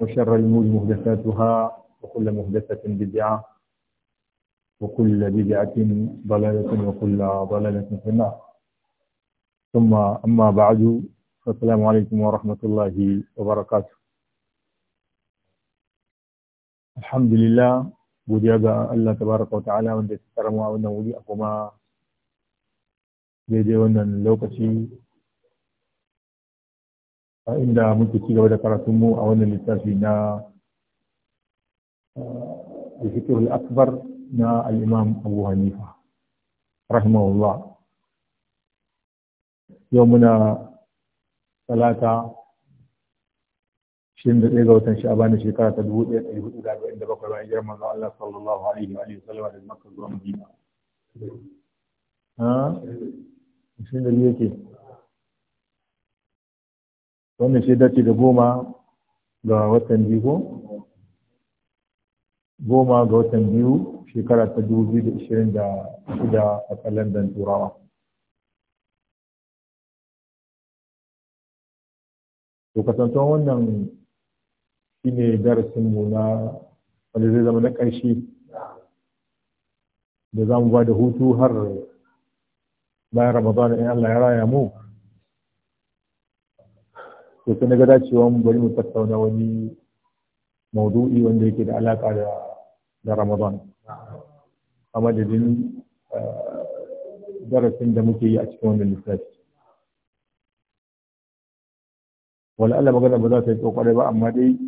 وشر الأمور محدثاتها وكل محدثة بدعة وكل بدعة ضلالة وكل ضلالة في النار ثم أما بعد السلام عليكم ورحمة الله وبركاته الحمد لله godiya الله تبارك وتعالى wa ta'ala wanda ya tsara mu a wannan a inda muke ci gaba da karatunmu a wannan littafi na al-fikr akbar na al-imam Abu Hanifa rahimahullah yau muna talata 21 ga watan sha'ban shekara ta 1447 bayan girman zuwa Allah sallallahu alaihi wa alihi sallama da makka zuwa Madina ha shin da yake wannan shi dace da goma ga watan biyu goma ga watan biyu shekara ta dubu biyu da ishirin da shida a kalandar turawa to wannan shi ne darasinmu na wanda zai zama na ƙarshe da za mu ba da hutu har bayan ramadana in allah ya raya mu to sai na ga dacewa mu bari mu tattauna wani maudu'i wanda yake da alaka da da Ramadan a madadin eh, darasin da muke yi a cikin wannan lissafi wala Allah magana ba za ta yi kokare ba amma dai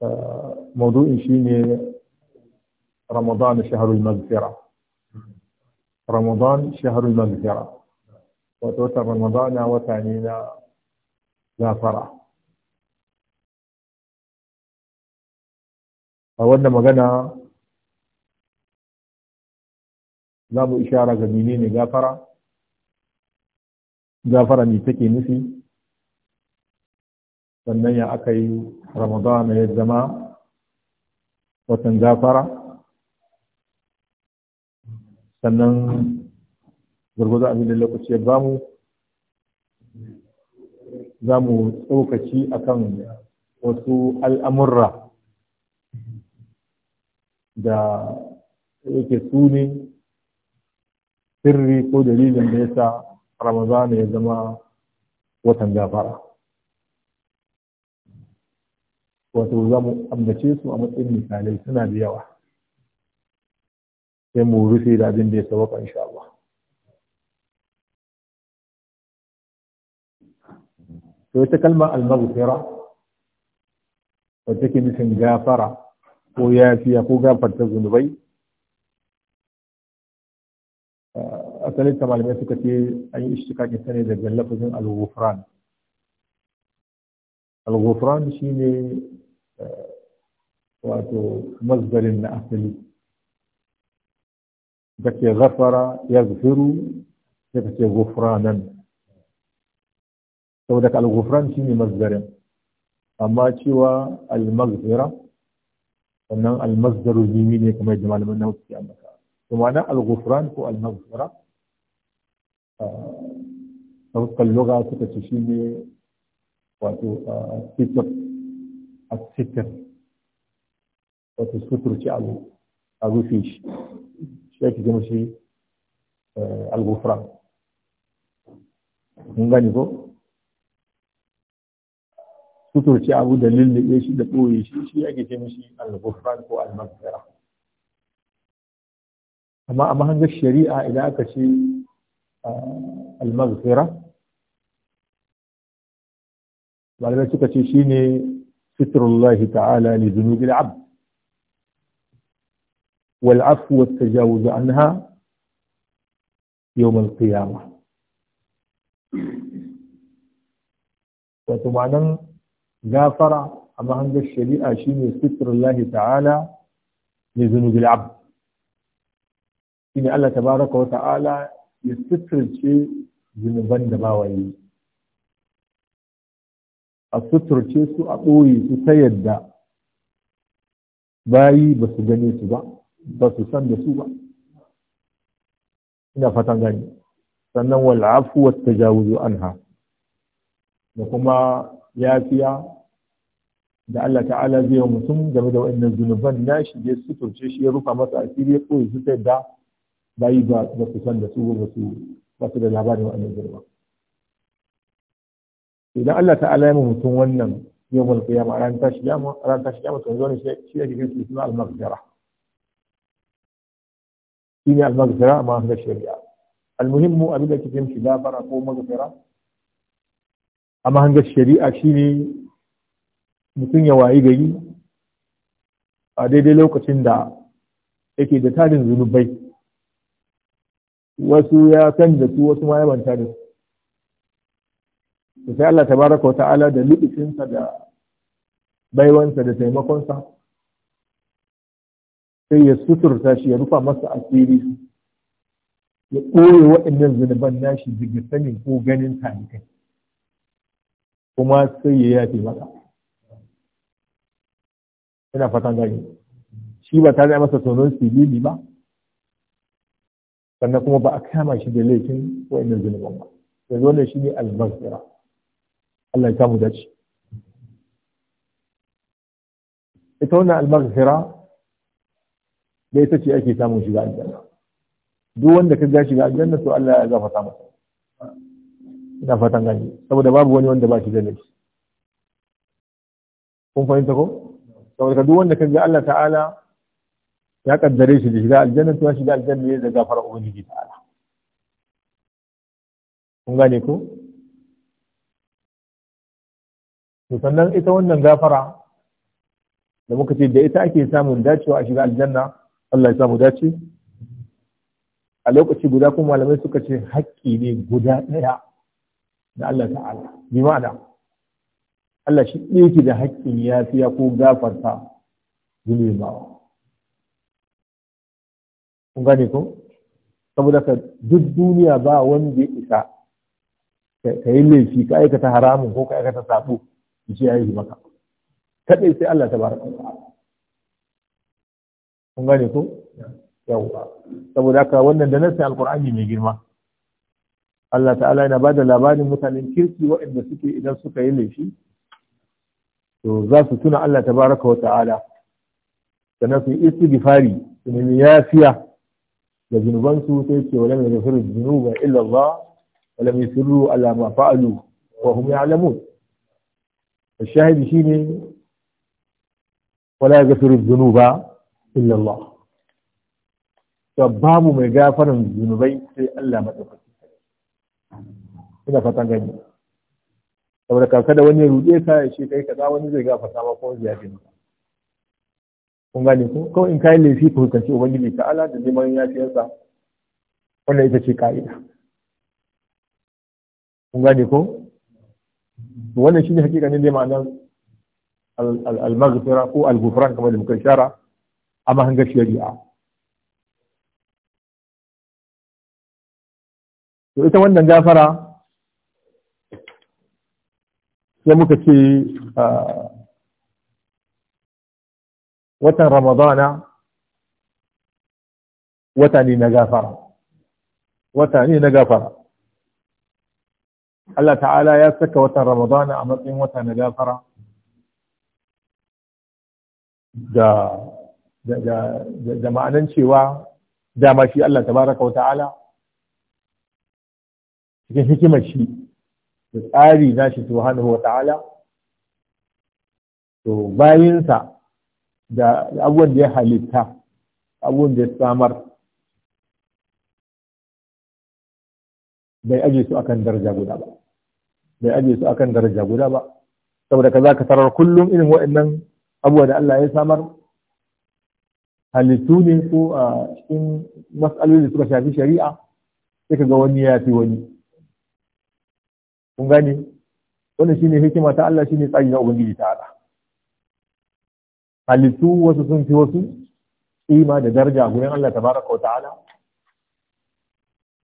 eh, maudu'in shi ne Ramadan shaharul magfira Ramadan shaharul magfira wato watan Ramadana wata ne na gafara a wannan magana za mu ishara ga ne gafara gafara ne take nufi sannan ya aka yi ramadan ya zama watan gafara sannan gurguza abin da lokaci ya bamu za mu tsokaci akan wasu al'amurra da yake su sirri ko dalilin da ya sa ramadana ya zama watan gafara wato za mu ambace su a matsayin misalai suna da yawa sai mu rufe da abin da ya sawaka insha to ita kalmar al-maghfira wacce nufin gafara ko yafiya ko gafarta zunubai eh, asalin ta malamai suka ce an yi ishtikakin ta ne daga lafazin al-ghufran al-ghufran shine eh, wato mazdarin na asali da ke ghafara ya zufiru sai ce ghufranan saboda ka al-ghufran ne mazdarin amma cewa al-maghfira wannan al-masdaru zimi ne kamar da malaman nawa suke ambata to ma'ana al-ghufran ko al-maghfira ta fuskar lugha suka ce ne wato sitir a sitir wato suturci abu a rufe shi shi yake gama shi eh, al-ghufran mun gani ko suturce abu da lullube shi da ɓoye shi shi ake ce mishi al-ghufran ko al-maghfira amma a mahangar shari'a idan aka ce al-maghfira malamai suka ce shine fitrullahi ta'ala li zunubil abd والعفو والتجاوز عنها يوم القيامة وتمعنا gafara a mahangar shari'a shine sitrullahi ta'ala li zunubil abd shine Allah tabaraka wa ta'ala ya sitirce zunuban da bawa a suturce su a ɓoye su ta yadda bayi ba su gane su ba ba su san da su ba ina fatan gani sannan wal'afu wa tajawuzu anha da kuma yafiya da Allah ta'ala zai yi mutum game da wa'annan zunuban na shi ya suturce shi ya rufa masa asiri ya koyi su ta da bayi ba ba su san da su ba su ba su da labarin wa'annan zunuban idan Allah ta'ala ya mutum wannan yawmal qiyama ran tashi kiyama ran tashi kiyama to zo shi ya yake kinsu suna al-maghfira ne al-maghfira ma da shari'a al-muhimmu abin da kike mishi gafara ko maghfira amma hangar shari'a shine mutum ya wayi gari a daidai lokacin da yake da tarin zunubai wasu ya san da su wasu ma ya manta da su sai Allah tabaraka wa ta'ala da lubicinsa da baiwansa da taimakonsa sai ya suturta shi ya rufa masa asiri ya ɓoye waɗannan zunuban nashi daga sanin ko ganin talikai kuma sai ya yafe maka ina fatan gani shi ba ta zai masa tonon sibili ba sannan kuma ba a kama shi da laifin wa'annan zunuban ba zo ne shi ne almasira Allah ya samu dace ita wannan almaghfira da ita ce ake samun shiga aljanna duk wanda ka ga shiga aljanna to Allah ya gafarta masa ina fatan gani saboda babu wani wanda ba shi da laifi kun fahimta ko saboda ka duk wanda kan ga Allah ta'ala ya kaddare shi da shiga aljanna to shiga aljanna ne da gafara ubangiji ta'ala kun gane ko to sannan ita wannan gafara da muka ce da ita ake samun dacewa a shiga aljanna Allah ya samu dace a lokaci guda kuma malamai suka ce haƙƙi ne guda ɗaya da Allah ta'ala bi ma'ana Allah shi ɗaya ki da haƙƙin yafiya ko gafarta zunubawa kun gane ko saboda ka duk duniya ba wanda ya isa ka yi laifi ka aikata haramun ko ka aikata sabo ya ce ya yi maka kaɗai sai Allah ta baraka kun gane ko yawwa saboda haka wannan da nasi alkur'ani mai girma Allah ta'ala yana bada labarin mutanen kirki waɗanda suke idan suka yi laifi to za su tuna Allah tabaraka wa ta'ala sannan su yi istighfari su nemi yafiya da zunubansu sai ce wa lam yaghfiru dhunuba illa Allah wa lam yusirru ala ma fa'alu wa hum ya'lamun الشاهد شيني ولا يغفر الذنوب إلا الله فباب ما غفر الذنوب سي الله مدفع ina fata gani saboda kanka da wani ruɗe ta ya ce kai kaza wani zai gafarta ma ko yafi maka kun gane ko kawai in kai laifi ku hukunci ubangiji ta ala da neman sa wannan ita ce ka'ida kun gane ko wannan shine hakikanin da ma'anar al-maghfira ko al-ghufran kamar da muka shara amma mahangar shari'a to ita wannan gafara sai muka ce watan ramadana wata ne na gafara wata ne na gafara Allah ta'ala ya saka watan ramadana a matsayin wata na gafara da da ma'anan cewa dama shi Allah tabaraka wa ta'ala cikin hikimar shi da tsari na shi subhanahu wa ta'ala to bayinsa da abubuwan da ya halitta abubuwan da ya samar bai aje su akan daraja guda ba bai aje su akan daraja guda ba saboda ka za ka tarar kullum irin waɗannan abubuwa da Allah ya samar halittu ne ko a cikin matsaloli da suka shafi shari'a sai ka ga wani ya fi wani kun gani wannan shine hikima ta Allah shine tsari na ubangiji ta'ala halittu wasu sun fi wasu kima da daraja gurin Allah tabaraka wa ta'ala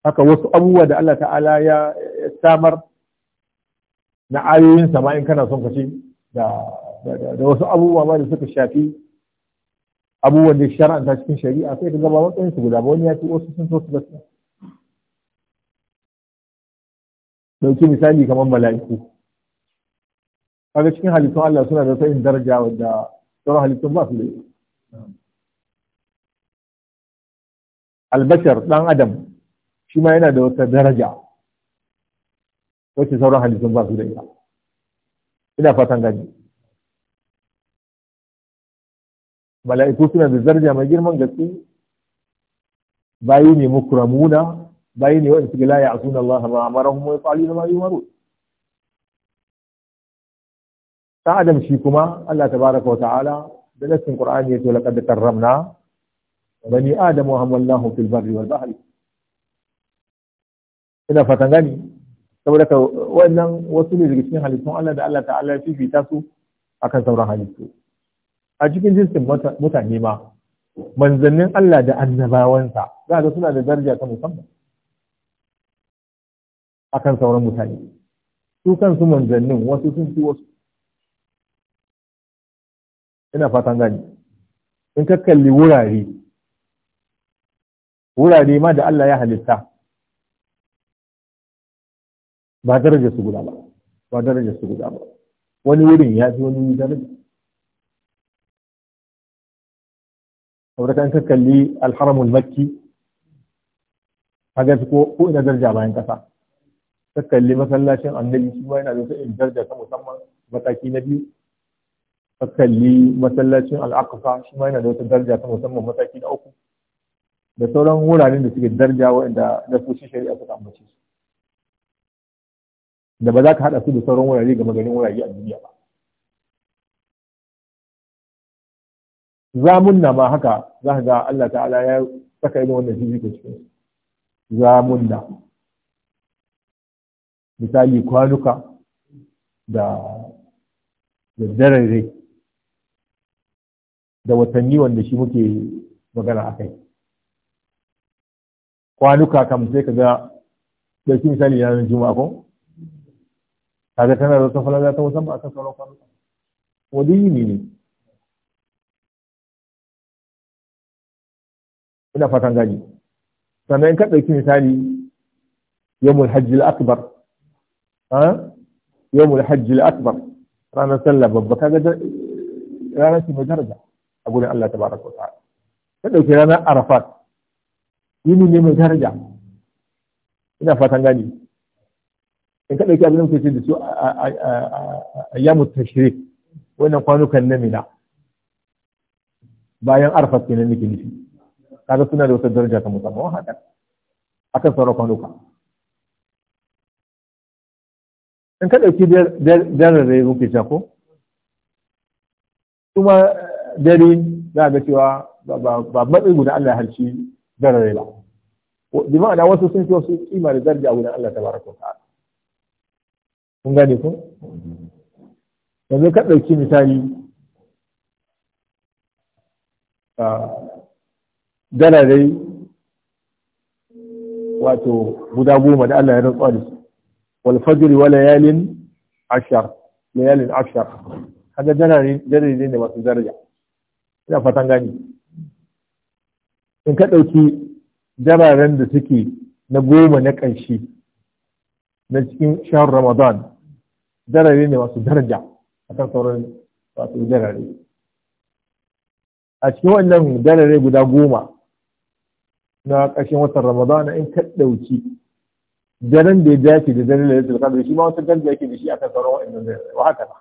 haka wasu abubuwa da Allah ta'ala ya samar na ayoyin sama'in kana son kace da da wasu abubuwa ma da suka shafi abubuwan da shar'anta cikin shari'a sai ka gaba matsayin su guda ba wani ya ce wasu sun so su gaskiya dauki misali kamar mala'iku kaga cikin halittun Allah suna da tsayin daraja wadda sauran halittun ba su da albashar dan adam shi ma yana da wata daraja wacce sauran halittun ba su da ita ina fatan gani mala'iku suna da daraja mai girman gaske bayu ne mukramuna bayi ne wanda suke la ya asuna Allah ma amarahum wa yaqaluna ma yumaru ta adam shi kuma Allah tabaraka wa ta'ala da nassin Qur'ani yace laqad karramna bani adam wa hamalnahum fil barri wal bahri ina fatan gani saboda ka wannan wasu ne daga cikin halittun Allah da Allah ta'ala ya fifita su akan sauran halittu a cikin jinsin mutane ma manzannin Allah da annabawansa za ga suna da daraja ta musamman akan sauran mutane su kansu manzannin wasu sun ci wasu ina fatan gani in ka kalli wurare wurare ma da Allah ya halitta ba daraja su guda ba ba daraja su guda ba wani wurin ya fi wani daraja saboda kan ka kalli alharamul makki kaga ko ko ina daraja bayan kasa ta kalli masallacin annabi shi ma yana da sa'in darja ta musamman mataki na biyu ta kalli masallacin al'akufa shi ma yana da wata darja ta musamman mataki na uku da sauran wuraren da suke darja waɗanda nasoshi shari'a suka ambace su da ba za ka haɗa su da sauran wurare ga maganin wurare a duniya ba na ma haka za ka ga Allah ta'ala ya saka irin wannan fifiko cikin na misali kwanuka da zararre da watanni wanda shi muke magana a kai kwanuka kam sai ka ga ɗauki misali yanar juma'a ko kaga tana da wata falala ta wasan ba a sauran kwanuka wani yi ne ne? ina fatan gani sannan in ka ɗauki misali yamul hajjil akbar ha da hajji akbar ranar sallah babba kaga ranar ce mai daraja a gurin Allah tabaraka wa ta'ala ta ɗauki ranar arafat yini ne mai daraja ina fatan gani in ka dauki abin da kuke da su a yamu tashrik wannan kwanukan na mina bayan arafat kenan nake nufi kaga suna da wata daraja ta musamman haka akan sauran kwanuka in ka ɗauki da muke cewa ko kuma dare za ga cewa ba matsayi guda Allah harci jarrare ba bi ma'ana wasu sun ce wasu kima da zargi a gudan Allah ta baraka ta'ala kun gane ku yanzu ka ɗauki misali jarrare wato guda goma da Allah ya rantsuwa da su والفجر وليال عشر ليال ashar هذا ashar masu daraja ina fatan gani in ka ɗauki dararen da suke na goma na ƙanshi na cikin shahar ramadan darare masu daraja a kan sauran cikin wannan guda goma na ƙarshen watan ramadana in ka ɗauki daren da ya dace da daren lailatul da shi ma wata da yake da shi akan sauran wa'annan da wa haka ba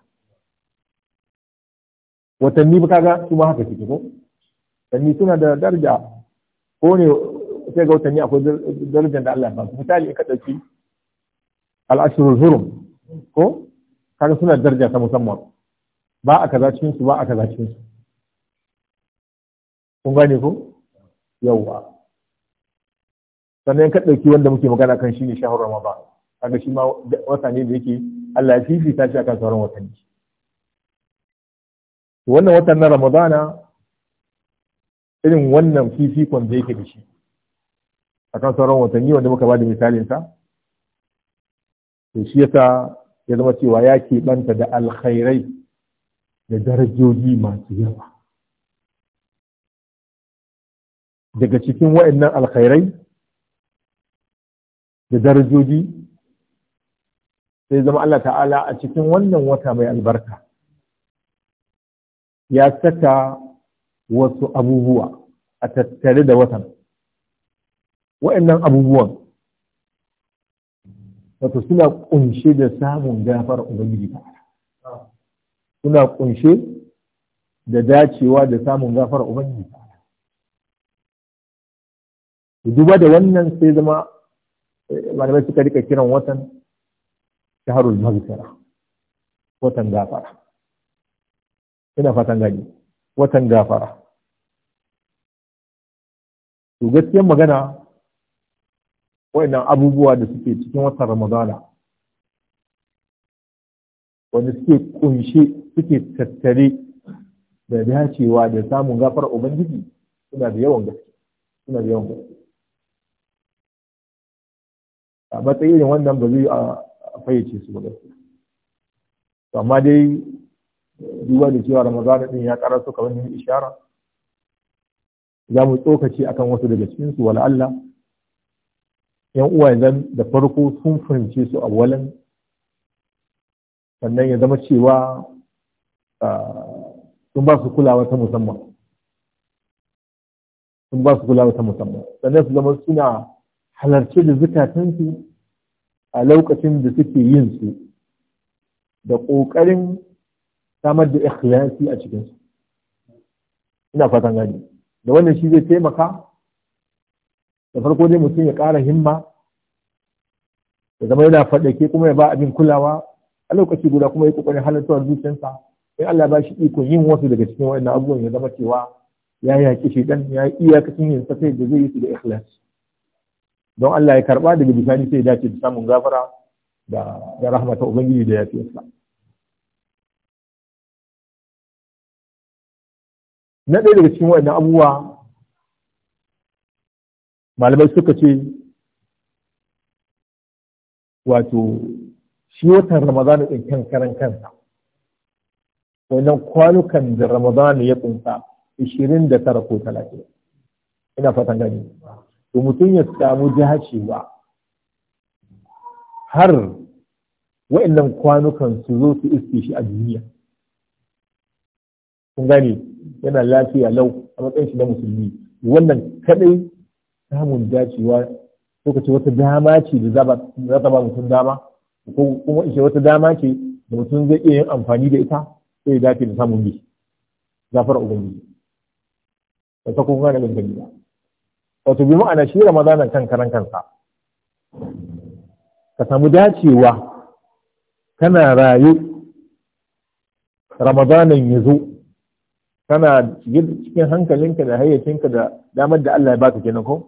watanni ba kaga su ma haka suke ko watanni suna da daraja ko ne sai ga watanni akwai darajar da Allah ya su misali ka dauki al hurum ko kaga suna daraja ta musamman ba a kaza cikin su ba a kaza cikin su kun gane ko yawwa sannan ka ɗauki wanda muke magana kan shi ne shahar ramadan kaga shi ma wata ne da yake Allah ya fifita shi akan sauran watanni wannan watan na ramadana irin wannan fifikon da yake da shi akan sauran watanni wanda muka ba da misalin sa to shi yasa ya zama cewa ya ke keɓanta da alkhairai da darajoji masu yawa daga cikin wa'annan alkhairai da darajoji sai zama Allah ta'ala a cikin wannan wata mai albarka ya saka wasu abubuwa a tattare da watan wa'annan abubuwan wato suna kunshe da samun gafar ubangiji ta'ala suna kunshe da dacewa da samun gafar ubangiji ta'ala duba da wannan sai zama malamai suka rika kiran watan shaharul maghfira watan gafara ina fatan gani watan gafara to gaskiyar magana wayannan abubuwa da suke cikin watan ramadana wanda suke kunshe suke tattare da dacewa da samun gafar ubangiji suna da yawan gaske suna da yawan gaske a matsayin wannan ba zai a fayyace su ba to amma dai duba da cewa ramadan din ya karaso kamar yin ishara za mu tsokaci akan wasu daga cikin su wala Allah yan uwa yanzu da farko sun fahimce su walan sannan ya zama cewa sun ba su kulawa ta musamman sun ba su kulawa ta musamman sannan su zama suna halarci da zukatansu a lokacin da suke yin su da ƙoƙarin samar da ikhlasi a cikinsu ina fatan gani da wannan shi zai taimaka da farko dai mutum ya ƙara himma ya zama yana faɗake kuma ya ba abin kulawa a lokaci guda kuma ya ƙoƙarin halartar zuciyarsa in Allah ba shi ikon yin wasu daga cikin wa'annan abubuwan ya zama cewa ya yaƙi shi ɗan ya yi iyakacin yin sa da zai yi su da ikhlasi don Allah ya karba daga bisani sai ya dace da samun gafara da da rahmata ubangiji da yafiyarsa na ɗaya daga cikin waɗannan abubuwa malamai suka ce wato shi watan ramadana ɗin kan karan kansa wannan kwanukan da ramadana ya ƙunsa 29 ko 30 ina fatan gani to mutum ya samu dacewa har wa'annan kwanukan su zo su iske shi a duniya kun gane yana lafiya lau a matsayin shi na musulmi wannan kadai samun dacewa ko ce wata dama ce da za ta ba mutum dama ko kuma ishe wata dama ce da mutum zai iya yin amfani da ita sai ya dace da samun bi zafar ubangiji ba ta kuma ga dangane ba wato bi ma'ana shi ramadanan kan karan kansa ka samu dacewa kana rayu ramadanan ya zo kana cikin hankalinka da hayyacinka da damar da Allah ya baka kenan ko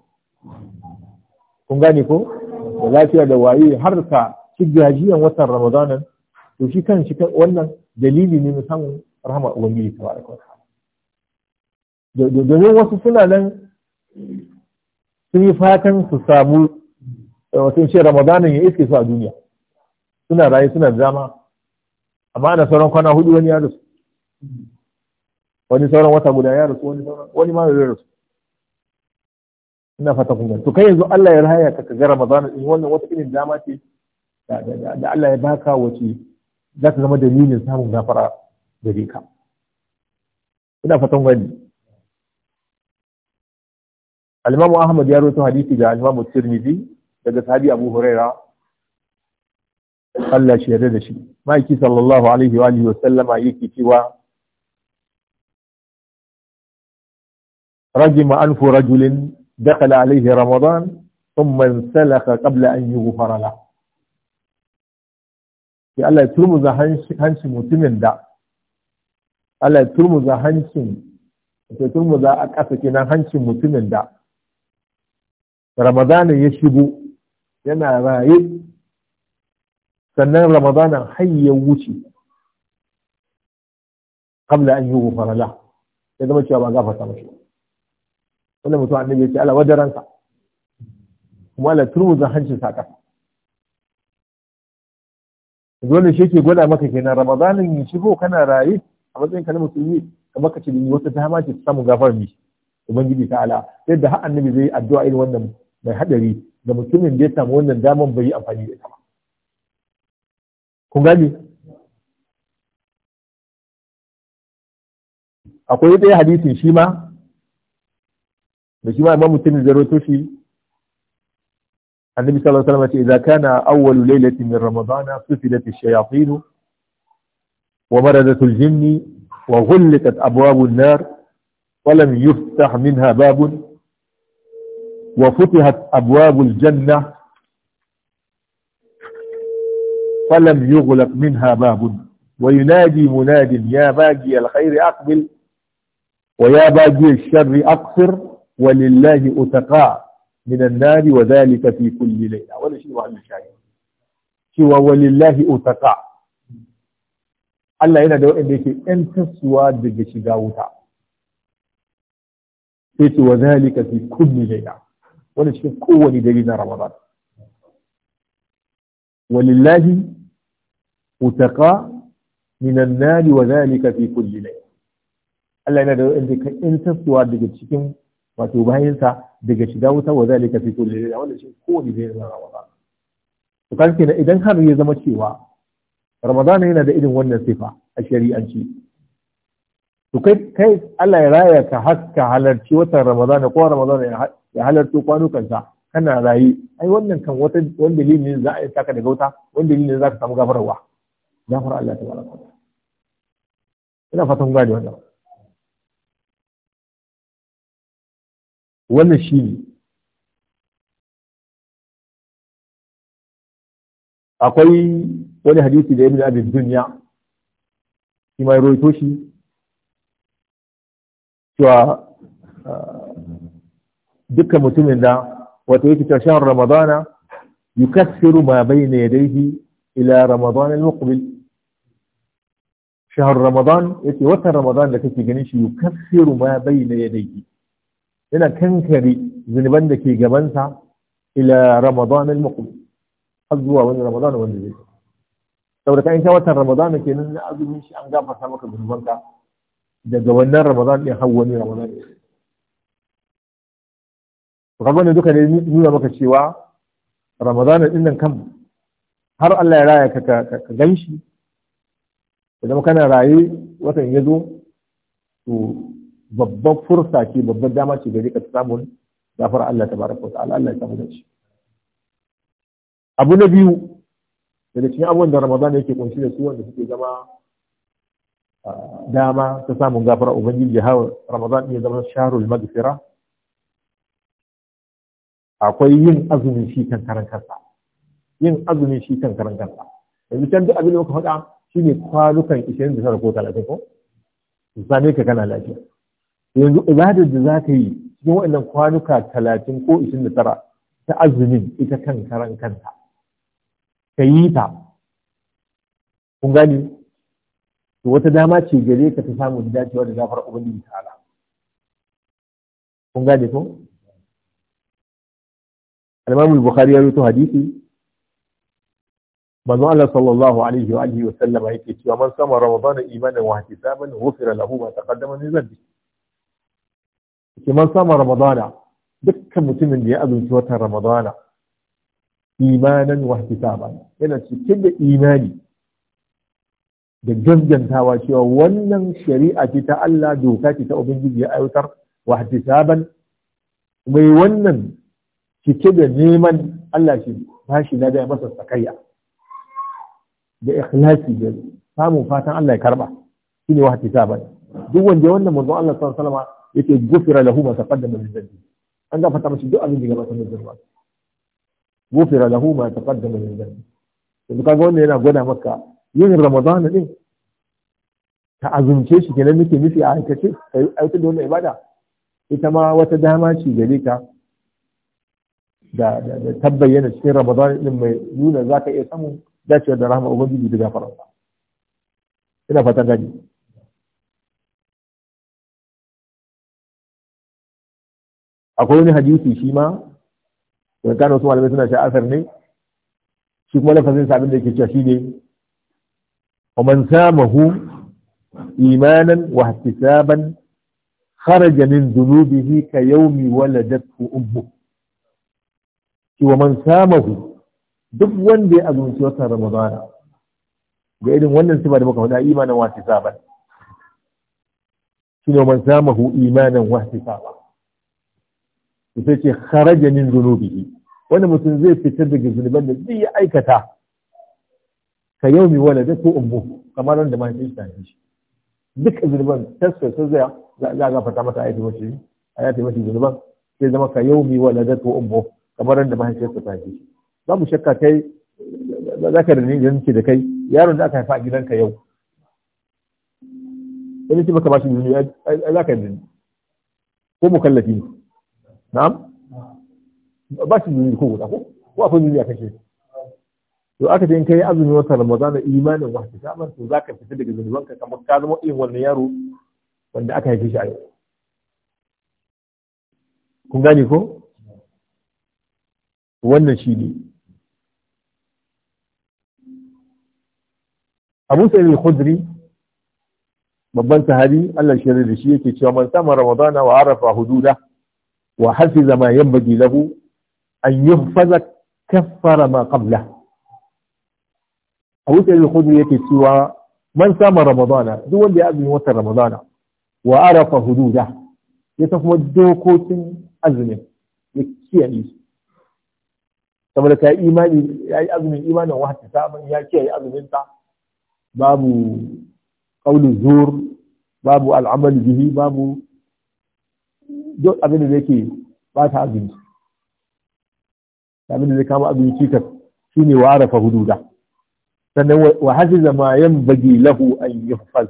kun gane ko da lafiya da waye har ka ci gajiyan watan ramadanan to shi kan shi wannan dalili ne na samun rahama ubangiji tabaraka wa ta'ala domin wasu suna nan sun yi fatan su samu eh, wasu ce ramadanin ya iske su a duniya suna rayu suna zama amma ana sauran kwana hudu wani ya rasu wani sauran wata guda ya rasu wani sauran wani ma ya rasu ina fata kun to kai yanzu Allah ya raya ka ga ramadanin in wannan wata irin dama ce da Allah ya baka wace za ta zama dalilin samun gafara gare ka ina fatan gani الإمام أحمد يروي حديث عن الإمام الترمذي لدى حديث أبو هريرة قال لا شيء هذا شيء ما يكي صلى الله عليه وآله وسلم يكي سوى رجم أنف رجل دخل عليه رمضان ثم انسلخ قبل أن يغفر له في الله ترمز هنش متمن دا الله ترمز هنش ترمز أكاسكي هنش متمن دا ramadana ya shigo yana raye sannan ramadana har wuce kamla an yi gufara ya zama cewa ba gafarta mashi wanda mutum annabi ya ce ala wadaransa kuma ala turmuzan hancin sa kasa dole shi ke gwada maka kenan ramadanin ya shigo kana raye a matsayin ka na musulmi kamar ka ce wata dama ce ta samu gafar mi ubangiji ta ala yadda har annabi zai addu'a irin wannan mai hadari da mutumin da ya samu wannan daman bai yi amfani da ita ba kun gani akwai ɗaya hadisin shi ma da shi ma imam mutum zaro rawaito shi annabi sallallahu alaihi wasallam ce idza kana awwalu laylatin min ramadana sufilat ash-shayatin wa maradat al-jinn wa ghulqat abwab an-nar wa lam yuftah minha babun وفتحت أبواب الجنة فلم يغلق منها باب وينادي مناد يا باقي الخير أقبل ويا باقي الشر أقصر ولله أتقى من النار وذلك في كل ليلة ولا شيء واحد شيء سوى ولله أتقى الله هنا da waɗanda yake ‘yan tasowa daga في كل ليله Wani cikin kowane dare na ramadan walillahi utaqa minan nari wa zalika fi kulli layl Allah yana da wanda in tasowa daga cikin wato bayansa daga shiga wuta wa zalika fi kulli layl wanda cikin kowane dare na ramadan to kan idan har ya zama cewa ramadan yana da irin wannan sifa a shari'anci to kai kai Allah ya raya ka haska halarci watan Ramadana ko Ramadana ya halarci kwanukansa kana rayi ai wannan kan wata wani dalili ne za a yi saka daga gauta, wani dalili ne za ka samu gafararwa gafar Allah ta baraka ina fatan kun gane wannan wannan shi ne akwai wani hadisi da ibn abi dunya shi mai roito shi cewa ah, dukkan mutumin da wata yake ta shahar ramadana yukaffiru ma bayna yadayhi ila ramadana al-muqbil shahar ramadan yake watan ramadan da kake ganin shi yukaffiru ma bayna yadayhi yana kankare zunuban da ke gabansa ila ramadana al-muqbil har zuwa wani ramadana wanda zai saboda kan ka watan ramadana kenan na azumin shi an gafarta maka zunubanka daga wannan ramadan din har wani ramadan to kaga wannan duka ne nuna maka cewa ramadan din nan kan har Allah ya raya ka ka ganshi idan kana raye watan ya zo to babban fursa ce babban dama ce gare ka samun gafar Allah baraka wa ta'ala Allah ya samu dace abu na biyu daga cikin abubuwan da Ramadan yake kunshi da su wanda suke zama dama ta samun gafara ubangiji hawa ramadan ya zama sharul magfira akwai yin azumi shi kan karan kansa yin azumi shi kan karan kansa yanzu can duk abin da muka faɗa shine kwanukan 29 ko 30 ko same ka kana lafiya yanzu ibadar da za ka yi cikin waɗannan kwanuka 30 ko 29 ta azumin ita kan karan kanta ka yi ta kun gani to wata dama ce gare ka ta samu dacewa da gafar ubangiji ala. kun gane ko al-imam bukhari ya rawaito hadisi manzo Allah sallallahu alaihi wa alihi wa sallam yake cewa man sama ramadan imanan wa ihtisaban ghufira lahu ma taqaddama min dhanbi man sama ramadana dukkan mutumin da ya azumci watan ramadana imanan wa ihtisaban yana cikin da imani da gaskantawa cewa wannan shari'a ce ta Allah doka ce ta Ubangiji ya aiwatar wa hatisaban mai wannan cike da neman Allah shi ba shi na da masa sakayya da ikhlasi da samun fatan Allah ya karba shine wa hatisaban duk wanda wannan manzon Allah sallallahu alaihi wasallam yake gufira lahu ma taqaddama min dhanbi an gafarta mashi duk abin da ya gabata min dhanbi gufira lahu ma taqaddama min dhanbi to kaga wannan yana gwada maka yin ramadan ne? ta azumce shi kenan muke nufi a aikace a aiki da wani ibada ita ma wata dama ce gare ka da tabbayyana cikin ramadan din mai nuna za ka iya samun dacewa da rahama ubangiji da gafaransa ina fatan gani akwai wani hadisi shi ma da kano su malamai suna asar ne shi kuma lafazin sabin da yake cewa shi ne ومن سامه إيمانا واحتسابا خرج من ذنوبه كيوم ولدته أمه ومن سامه duk wanda ya azumci watan ramadana ga irin wannan sifa da muka faɗa imanin wasi saban shi ne man samahu imanin wasi saban sai ce kharaja min zunubihi wanda mutum zai fitar daga zunuban da zai aikata ka yau mi da ko umbu kamar wanda ma shi ta haife shi duk zunuban tasfir sun zaya za a gafarta mata ayati mace ayati mace zunuban sai zama ka yau mi da ko umbu kamar wanda mahaifin shi ta haife shi babu shakka kai za ka rinni idan ce da kai yaron da aka haifa a gidanka yau in ce baka bashi ne za ka ni, ko mukallafi na'am ba shi zuni ko guda ko ko akwai zuni a kashe to aka ce in kai azumi wata ramadana imanin ta amma to zaka fita daga ka kamar ka zama irin wannan yaro wanda aka haife shi a yau kun gane ko wannan shi ne abu sai ne khudri babban sahabi Allah shi da shi yake cewa man sama ramadana wa arafa hududa wa hafiza ma yanbaghi lahu an yuhfaza kaffara ma qablahu a sa'id al yake cewa man sama ramadana duk wanda ya azumi watan ramadana wa arafa hududa ya san kuma dokokin azumin ya kiyaye su saboda ka imani ya yi azumin imanin wata samun ya kiyaye azumin ta babu qaulu zur babu al'amal bihi babu duk abin da yake ba ta azumi abin da zai kama azumi cikas shine wa arafa hududa sannan wa hafiza ma bagi lahu an yuhfaz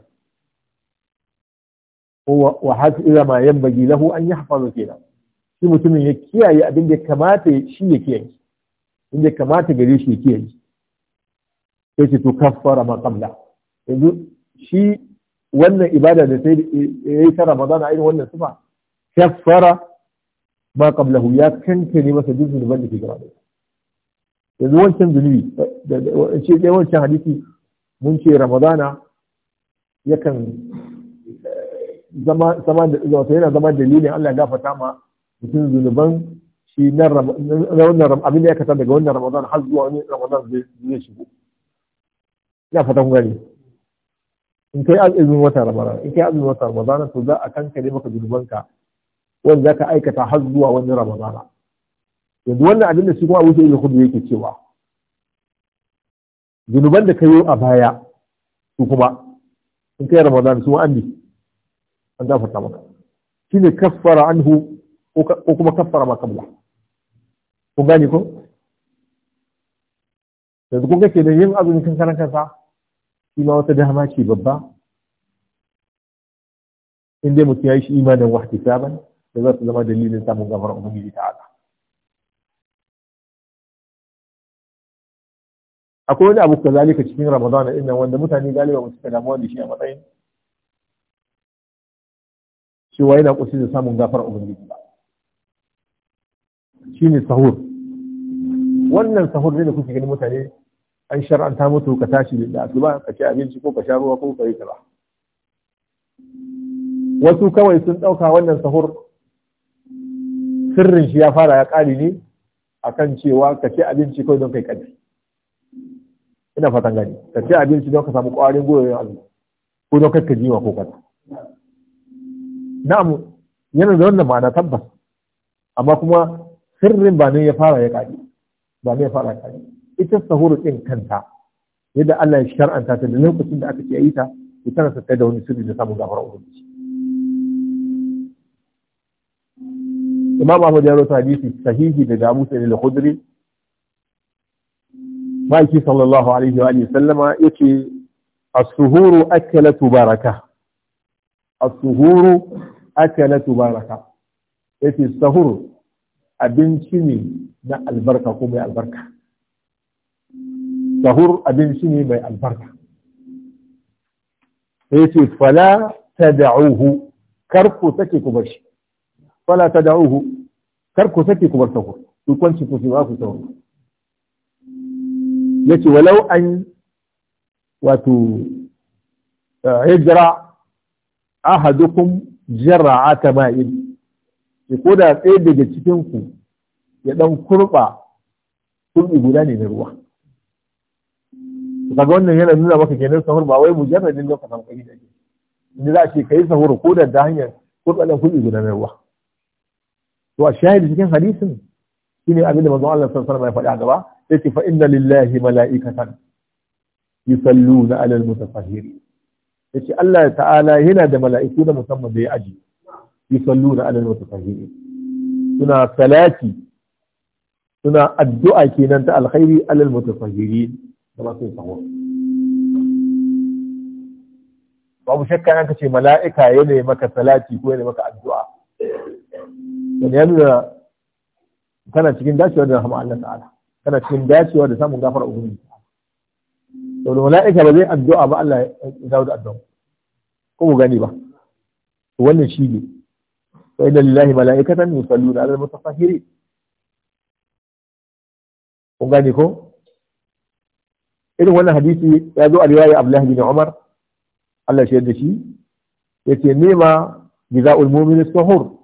wa hafiza ma yanbaghi lahu an yahfaz kenan shi mutumin ya kiyaye abin da kamata shi ya kiyaye abin inda kamata gare shi ya kiyaye sai ce to kaffara ma qabla yanzu shi wannan ibada da sai eh, ya yi ta Ramadana a irin wannan sifa kaffara ma qablahu ya kankare masa duk zunuban da ke gaba da yanzu wancan zunubi ce dai wancan hadisi mun ce ramadana yakan eh, zama zama wato yana zama dalilin Allah gafarta ma mutum zunuban shi na wannan abin da ya kasa daga wannan ramadana har zuwa wani ramadana zai shigo fata fatan gani in kai azumin wata ramadana in kai azumin wata ramadana to za a kankare maka zunubanka wanda zaka aikata har zuwa wani ramadana yanzu wannan abin da shi kuma abu sai hudu yake cewa zunuban da ka yi a baya su kuma in kai ramadan su an bi an gafarta maka shine kaffara anhu ko kuma kaffara ma bula kun gane ko yanzu kun ga da yin azumin kan karan kansa shi ma wata dama ce babba in dai mutum ya yi shi imanin wahtisaban da za su zama dalilin samun gafarar ubangiji ta'ala akwai wani abu zalika cikin Ramadan din nan wanda mutane galiba ba su damuwa da shi a matsayin cewa yana kusa da samun gafar ubangiji ba shine sahur wannan sahur ne da kuke gani mutane an shar'anta mutu ka tashi da asuba ka ci abinci ko ka sha ruwa ko ka yi kaza wasu kawai sun ɗauka wannan sahur sirrin shi ya fara ya ƙari ne akan cewa ka ci abinci kawai don kai ƙarfi ina fatan gani ka ci abinci don ka samu ƙwarin gwiwa ya ko don ka jiwa ko kaza na'am yana da wannan ma'ana tabbas amma kuma sirrin ba ne ya fara ya kaɗi ba ne ya fara ya ita sahuru ɗin kanta yadda Allah ya shar'anta ta da lokacin da aka ce yi ta ya tana sattai da wani sirri da samun gafarar ubangiji imam ahmad ya rawaita hadisi sahihi daga abu sa'id al-khudri maki sallallahu alaihi wa sallama yace as-suhuru akalatu baraka as-suhuru akalatu baraka yace sahur abinci ne na albarka ko mai albarka sahur abinci ne mai albarka yace fala tad'uhu kar ku sake ku bar shi fala tad'uhu kar ku sake ku bar sahur ku kwanci ku ba ku sahur yace walau an wato eh, hijra ahadukum jarra'ata ma'in ko da tsaye daga cikin ku ya dan kurɓa kurɓi guda ne na ruwa kaga wannan yana nuna maka kenan sahur ba wai din lokacin kai da ne za a ce kai sahur ko da ta hanyar kurɓa da kurɓi guda na ruwa to a shahidi cikin hadisin shine abin da manzon Allah sallallahu alaihi wasallam ya faɗi a gaba yace fa inna lillahi mala'ikatan yusalluna 'alal mutatahhirin yace Allah ta'ala yana da mala'iku da musamman da ya aji yusalluna 'alal mutatahhirin suna salati suna addu'a kenan ta alkhairi 'alal mutatahhirin da ba su sahur babu shakka yanka ce mala'ika yana maka salati ko yana maka addu'a dan ya nuna kana cikin dacewa da rahama Allah ta'ala kana cikin dacewa da samun gafara ubangiji to da mala'ika ba zai addu'a ba Allah ya dawo da addu'a ko mu gani ba to wannan shi ne wa inna lillahi mala'ikatan yusalluna 'ala al-mutatahhirin kun gani ko irin wannan hadisi ya zo a riwaya Abdullah bin Umar Allah shi yadda shi yace nema jaza'ul mu'min as-suhur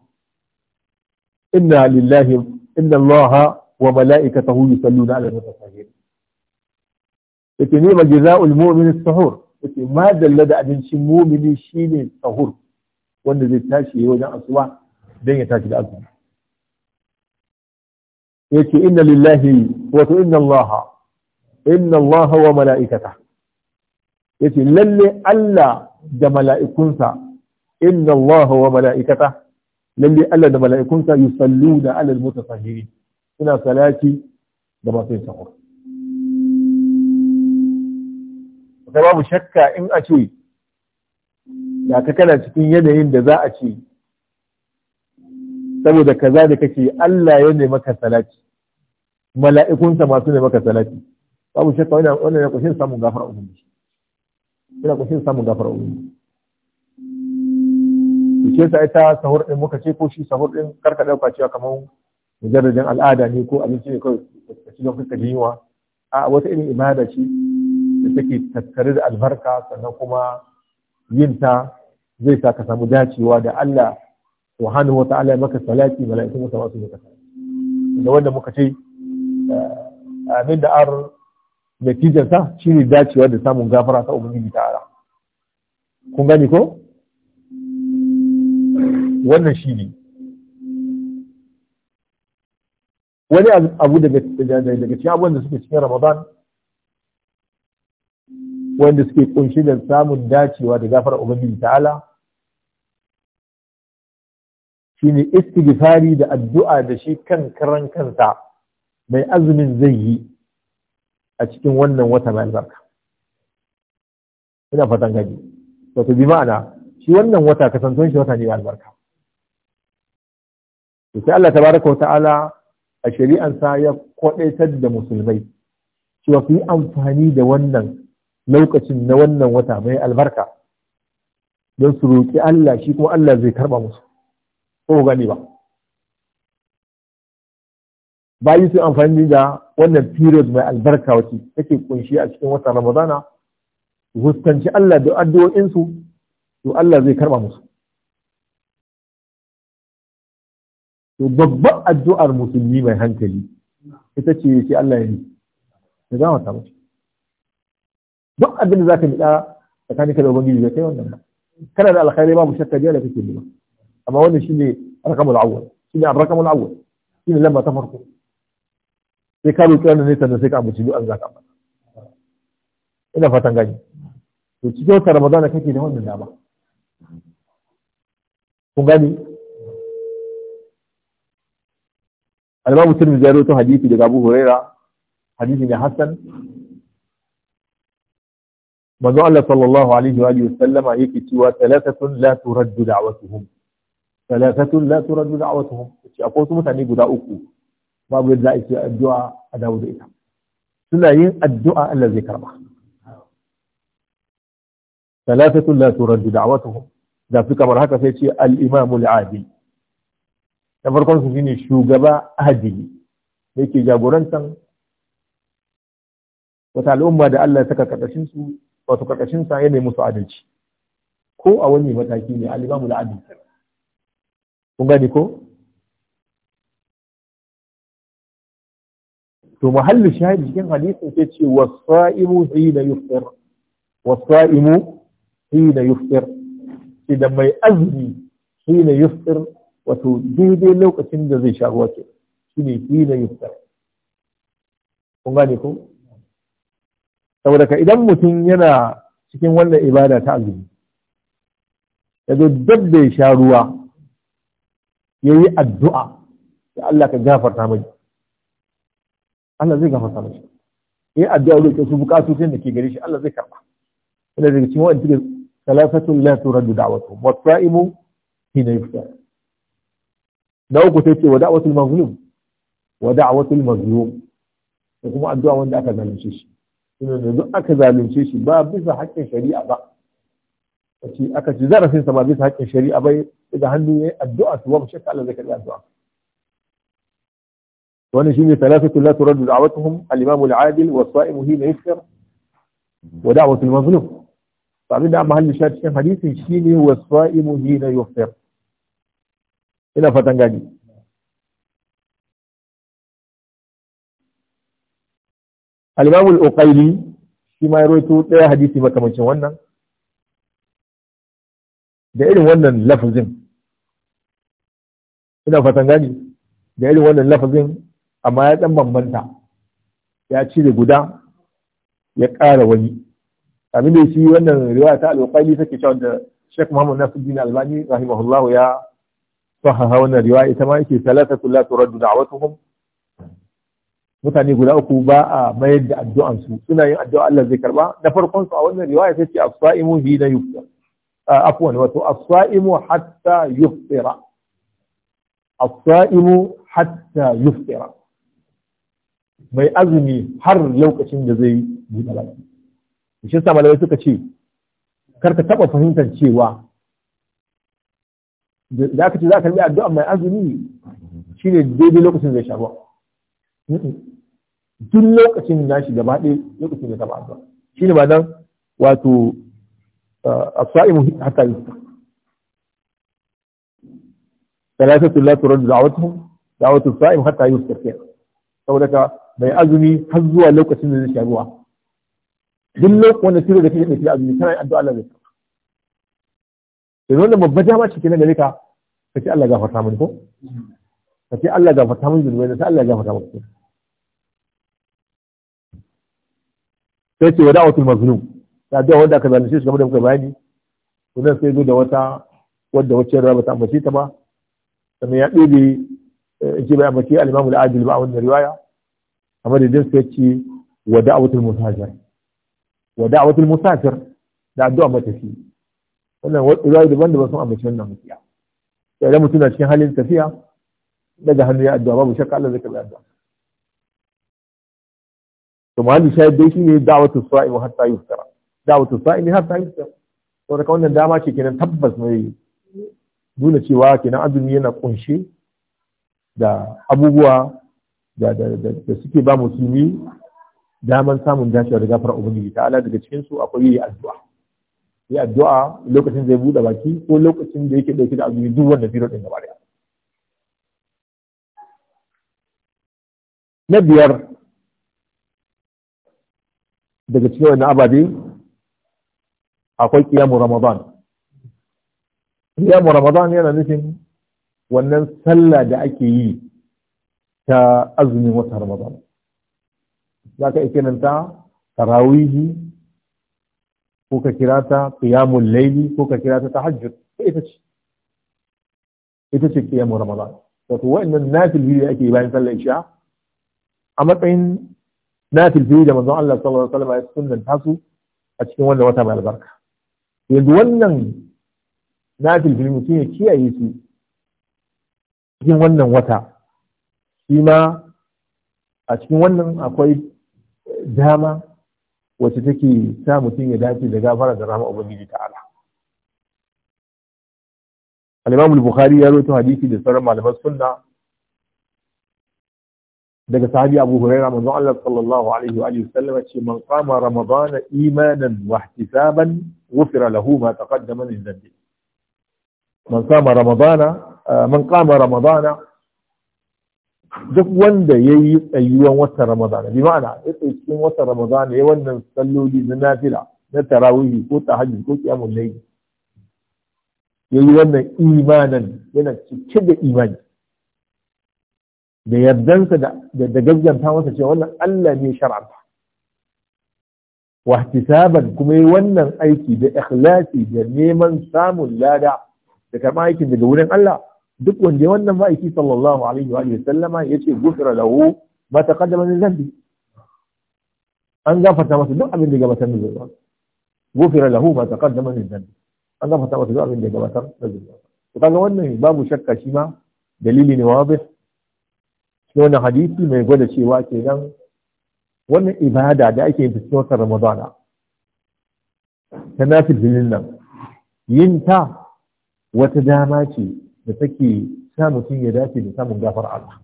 inna lillahi inna Allah wa mala'ikatahu yusalluna 'ala al-mutahhirin yake ne majza'ul mu'min as-suhur yake ma dalla da abincin mu'mini shine sahur wanda zai tashi yayin wajen asuba dan ya tashi da azumi yake inna lillahi wato inna Allah inna wa mala'ikata lalle Allah da mala'ikunsa inna Allah wa mala'ikata lalle Allah da mala'ikunsa yi da alal mota mutasahhirin suna salati da masu yin sahur da babu shakka in a ce ya ka kana cikin yanayin da za a ce saboda kaza da kake Allah ya ne maka salati mala'ikunsa masu ne maka salati babu shakka wannan yana kushin samun gafara ubangiji kushin samun gafara ubangiji shi yasa ita sahur din muka ce ko shi sahur din karka dauka cewa kamar mujarradin al'ada ne ko abinci ne kawai ka ci don yiwa a wata irin ibada ce da take tattare da albarka sannan kuma yin ta zai sa ka samu dacewa da Allah subhanahu wata'ala ya maka salati mala'ikun masa masu maka da wanda muka ce eh, amin da ar natijarsa shine dacewa da samun gafara ta ubangiji ta'ala kun gani ko wannan shi ne wani abu daga cikin abubuwan da suke cikin ramadan wanda suke kunshi da samun dacewa da gafar ubangiji ta'ala shine istighfari da addu'a da shi kan karan kansa mai azumin zai yi a cikin wannan wata mai albarka ina fatan gani wato bi ma'ana shi wannan wata kasantuwan shi wata ne albarka sai Allah tabaraka wa ta'ala a sa ya kwadaitar da musulmai cewa ku yi amfani da wannan lokacin na wannan wata mai albarka don su roƙi Allah shi kuma Allah zai karɓa musu ko gani ba bayi su amfani da wannan period mai albarka wacce take kunshi a cikin wata ramadana huskanci Allah da addu'o'insu to Allah zai karɓa musu to babban addu'ar musulmi mai hankali ita ce ce Allah ya yi da za mu samu duk abin da za ka miɗa tsakanin ka da ubangiji zai kai wannan ba kana da alkhairi ba mu shakka jiya da kake nema amma wannan shine rakamul awwal shine rakamul awwal shine lamba ta farko sai ka roƙi wannan ne sannan sai ka ambaci du'an zaka ba ina fatan gani to cikin wata ramadana kake da wannan dama kun gani al-imamu tirmidhi ya rawaito hadisi daga Abu Huraira Hadithi ne Hassan. manzo Allah sallallahu alaihi wa alihi sallama yake cewa thalathatun la turaddu da'watuhum thalathatun la turaddu da'watuhum ce akwai wasu mutane guda uku babu yadda za a ce addu'a a dawo da ita suna yin addu'a Allah zai karba thalathatun la turaddu da'watuhum da su kamar haka sai ce al-imamul adil na farkon su shine shugaba ahadi da yake jagorantan wata al'umma da Allah ya saka karkashin su wato karkashin sa yana musu adalci ko a wani mataki ne al-imamu al-adil kun gani ko to muhallin shahid cikin hadisin sai ce wasa'imu hina yufir wasa'imu hina yufir idan mai azumi hina yufir wato daidai lokacin da zai sha ruwa ke shi ne hina fitar. kun gane ko saboda ka idan mutum yana cikin wannan ibada ta azumi ya zo dab da ya sha ruwa ya yi addu'a ya Allah ka gafarta mai Allah zai gafarta mai ya yi addu'a roƙe su bukatocin da ke gare shi Allah zai karba yana daga cikin wa'in cikin salafatun la turaddu da'watu wa ra'imu hina fitar. na uku sai ce wa da'watul mazlum wa da'watul mazlum ko kuma addu'a wanda aka zalunce shi ina da duk aka zalunce shi ba bisa haƙƙin shari'a ba kace aka ci zarafin sa ba bisa haƙƙin shari'a ba daga hannu ne addu'a to ba shakka Allah zai karɓi addu'a wannan shine thalathatu la turaddu da'watuhum al-imam al-adil wa as-sa'im hina yafkar wa da'watul mazlum abin da mahalli shi cikin hadisin shine wa as-sa'im hina yafkar ina fatan gani Alimamul imam shi ma ya roto ɗaya hadisi makamancin wannan da irin wannan lafazin ina fatan gani da irin wannan lafazin amma ya ɗan bambanta ya cire guda ya ƙara wani abin da shi wannan riwaya ta al take cewa da Sheikh Muhammad Nasiruddin Albani rahimahullahu ya sahaha wannan riwaya ita ma yake salatatu la turaddu da'watuhum mutane guda uku ba a mayar da addu'an su suna yin addu'a Allah zai karba na farkon su a wannan riwaya sai ce as-sa'imu hi la yuftar afwan wato as-sa'imu hatta yuftira as-sa'imu hatta yuftira mai azumi har lokacin da zai buɗe baki shi yasa malamai suka ce karka taba fahimtar cewa za ka ce za ka karbi addu'a mai azumi shi ne daidai lokacin zai sha duk lokacin na shi gaba ɗaya lokacin da taɓa addu'a shi ne ba nan wato uh, sa’imu haka yi talatatu la turaddu da'watuhum sa’imu sa'im yi yusfir tafiya saboda ka mai azumi har zuwa lokacin da zai sha duk lokacin wanda shi da kake da azumi kana addu'a lalata yanzu wannan babbar dama ce kenan gare ka ka ce Allah gafarta mun ko ka ce Allah gafarta mini zunubai sai Allah gafarta ko sai ce wada wata mazlum ta da wanda aka zalunce shi kamar da muka bayani wannan sai zo da wata wadda wacce raba ta ambace ta ba sannan ya ɗebe eh, ce bai ambace al-Imam al-Adil ba a wannan riwaya amma da dinsa yace wada wata musafir wada wata musafir da addu'a matafi wannan ruwa daban daban sun amince wannan hukiya sai idan mutum na cikin halin tafiya daga hannu ya addu'a babu shakka Allah zai karɓi addu'a to mali shahid dai shine da'watu sa'imi hatta yusra da'watu sa'imi hatta yusra to da wannan dama ce kenan tabbas ne nuna cewa kenan azumi yana kunshe da abubuwa da suke ba musulmi daman samun dashi daga gafara ubangiji ta'ala daga cikin su akwai yi addu'a ya addu'a lokacin zai buɗe baki ko lokacin da yake ɗauke da azumi duk wanda zai ɗin gaba na biyar daga cikin wannan ababe akwai kiyamu ramadan kiyamu ramadan yana nufin wannan sallah da ake yi ta azumin wata ramadan za ka iya kiranta tarawihi ko ka kira ta qiyamul layli ko ka kira ta tahajjud ita ce ita ce qiyamul ramadan wato wa'annan nafil da ake bayan sallar isha a matsayin nafil fili da manzon Allah sallallahu alaihi wasallam ya sunnanta su a cikin wannan wata mai albarka yanzu wannan nafil fili mutum ya kiyaye su cikin wannan wata shi ma a cikin wannan akwai dama wacce take sa mutum ya dace da gafara da rahama ubangiji ta'ala al-imam al-bukhari ya rawaito hadisi da sauran malaman sunna daga sahabi Abu Hurairah manzo Allah sallallahu alaihi wa alihi sallama ce man qama ramadana imanan wa ihtisaban ghufira lahu ma taqaddama min dhanbi man qama ramadana man qama ramadana duk wanda ya yi tsayuwan wata ramadana bi ma'ana ya tsaye cikin watan ramadana ya wannan salloli na nafila na tarawihi ko hajji ko qiyamul layl ya yi wannan imanan yana cike da imani da yardansa da da gagganta masa cewa wannan Allah ne shar'anta wahtisaban kuma yi wannan aiki da ikhlasi da neman samun lada da karɓar aikin daga wurin Allah duk wanda wannan ma'aiki sallallahu alaihi wa sallama ya ce gufira lahu ma taqaddama min dhanbi an gafarta masa duk abin da gabatar da zuwa gufira lahu ma taqaddama min dhanbi an gafarta masa duk abin da gabatar da zuwa to kaga wannan babu shakka shi ma dalili ne wabih shi wannan hadisi mai gwada cewa kenan wannan ibada da ake yin cikin watan ramadana ta nafilin nan yin ta wata dama ce da take sa mutum ya dace da samun gafar Allah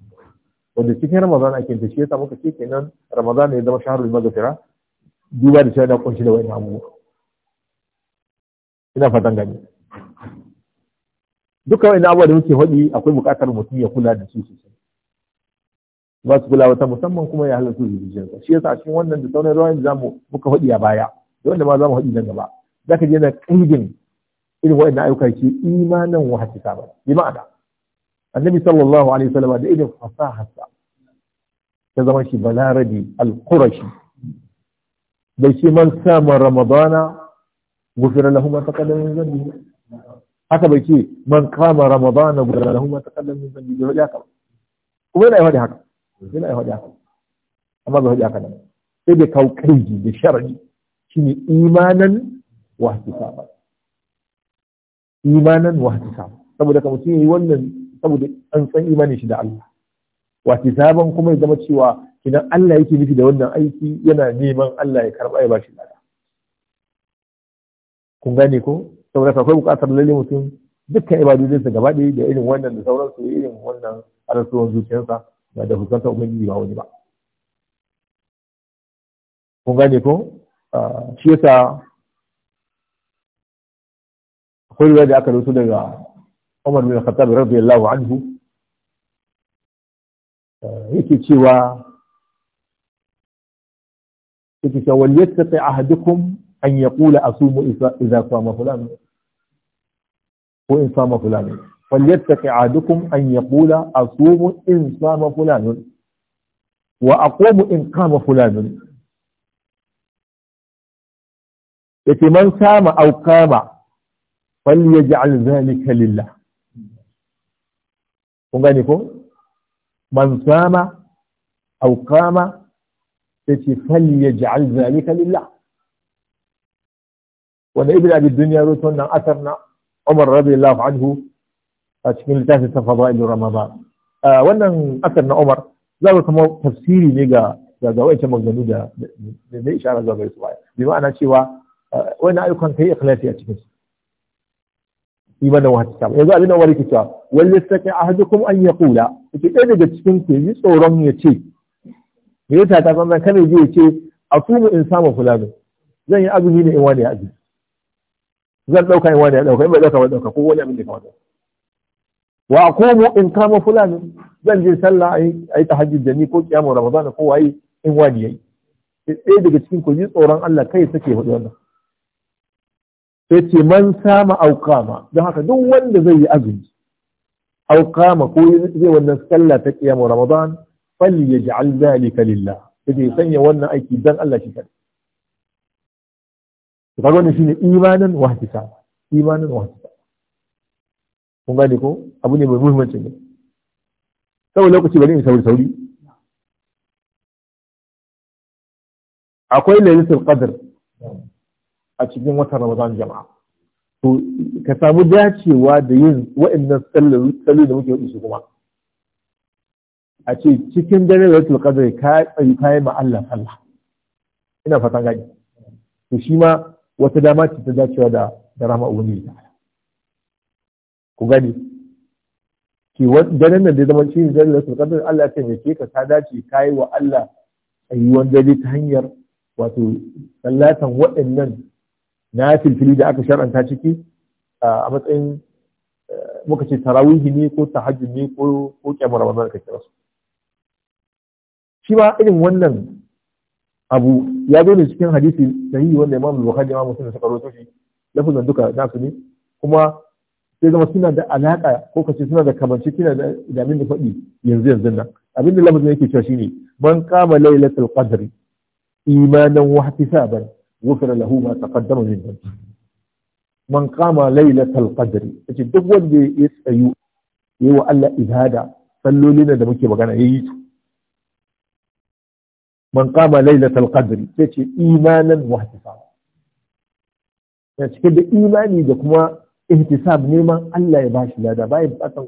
wanda cikin Ramadan ake ta shi yasa muka kenan Ramadan ya zama shaharul magfira duba da cewa da kunshi da wani abubuwa ina fatan gani duka wani abubuwa da muke faɗi akwai buƙatar mutum ya kula da su sosai ba su kula wata musamman kuma ya halarta sa. shi yasa a cikin wannan da sauran ruwan da zamu muka faɗi a baya da wanda ma zamu faɗi nan gaba zaka je na ƙaidin irin waɗannan ayyuka yake imanan wa ba bi ma'ana annabi sallallahu alaihi wasallam da irin fasaharsa ta zama shi balarabi al-qurashi da shi man sama ramadana gufira lahu ma taqaddama min dhanbi haka bai ce man kama ramadana gufira lahu ma taqaddama min dhanbi bai haka kuma yana yi haka yana yi haka amma bai haka nan sai da kawo kaiji da sharadi shine imanan wa hisaban imanan wa saboda ka mutum yi wannan saboda an san imanin shi da Allah wa ihtisaban kuma ya zama cewa idan Allah yake nufi da wannan aiki yana neman Allah ya karba ya bashi lada kun gane ko saboda akwai buƙatar lalle mutum dukkan ibadodinsa gaba ɗaya da irin wannan da sauransu irin wannan arasuwan zuciyarsa ba da fuskantar ubangiji ba wani ba kun gane ko ah, shi yasa akwai riwaya da aka rusu daga Umar bin Khattab radiyallahu anhu eh, yake cewa yake cewa wal yastati ahadukum an yaqula asumu idza sama fulan ko in sama fulan wal yastati ahadukum an yaqula asumu in sama fulan wa aqumu in qama fulan yake man sama au qama falyaj'al zalika lillah kun gane ko man sama aw qama yace falyaj'al zalika lillah wanda ibn abi dunya Ruto wannan asar na Umar radiyallahu anhu a cikin littafin sa fadailur ramadan wannan asar na Umar za mu samu tafsiri ne ga ga wancan maganganu da da ishara zuwa ga su baya bi ma'ana cewa eh, wannan ayyukan kai ikhlasi a cikin su imanin wata ta yanzu abin da wani ke cewa wal yastaqi ahadukum an yaqula yace ɗaya daga cikin ke yi tsoron ya ce me yasa ta san kana ji ya ce asumu in samu fulani zan yi azumi ne in wani ya azumi zan dauka in wani ya dauka in bai dauka ba dauka ko wani abin da ka wada wa aqumu in kama fulani zan je sallah ai ai tahajji da ni ko kiyamu ramadan ko wayi in wani yi ɗaya daga cikin ku yi tsoron Allah kai sake hudu wannan sai ce man sama auqama don haka duk wanda zai yi azumi auqama ko zai wannan sallah ta qiyam ramadan falyaj'al dhalika lillah sai sanya wannan aiki dan Allah shi kadai to kaga wannan shine imanin wa imanin wa kun gane ko abu ne mai muhimmanci ne sau lokaci bari in sauri sauri akwai lailatul qadr a cikin watan Ramadan jama'a to ka samu dacewa da yin waɗannan salloli da muke su kuma a ce cikin dare da rasul qadr ka tsayi kai ma Allah sallah ina fatan gani to shi ma wata dama ce ta dacewa da da rama ubangiji ta ku gani ki daren nan da zaman cikin dare da rasul qadr Allah ya taimake ka ta dace kai wa Allah ayyuwan dare ta hanyar wato sallatan waɗannan na filfili da aka shar'anta ciki a matsayin eh, muka ce tarawihi ne ko tahajjud ne ko ko kyamar da ka kira su shi ma irin wannan abu ya zo ne cikin hadisi sahihi wanda Imam Bukhari da a Muslim suka rawaito shi lafazan duka nasu ne kuma sai zama suna da alaka ko kace suna da kamanci kina da idamin da faɗi yanzu yanzu nan abin da lafazin yake cewa shine man qama lailatul qadri imanan wa ihtisaban غفر له ما تقدم من ذنبه man kama lailatul qadri yace duk wanda ya tsayu yayi wa Allah ibada sallolin da muke magana yayi to man qama laylatal qadri yace imanan wa ihtisaba ya cike da imani da kuma ihtisab neman Allah ya bashi lada bai bukatan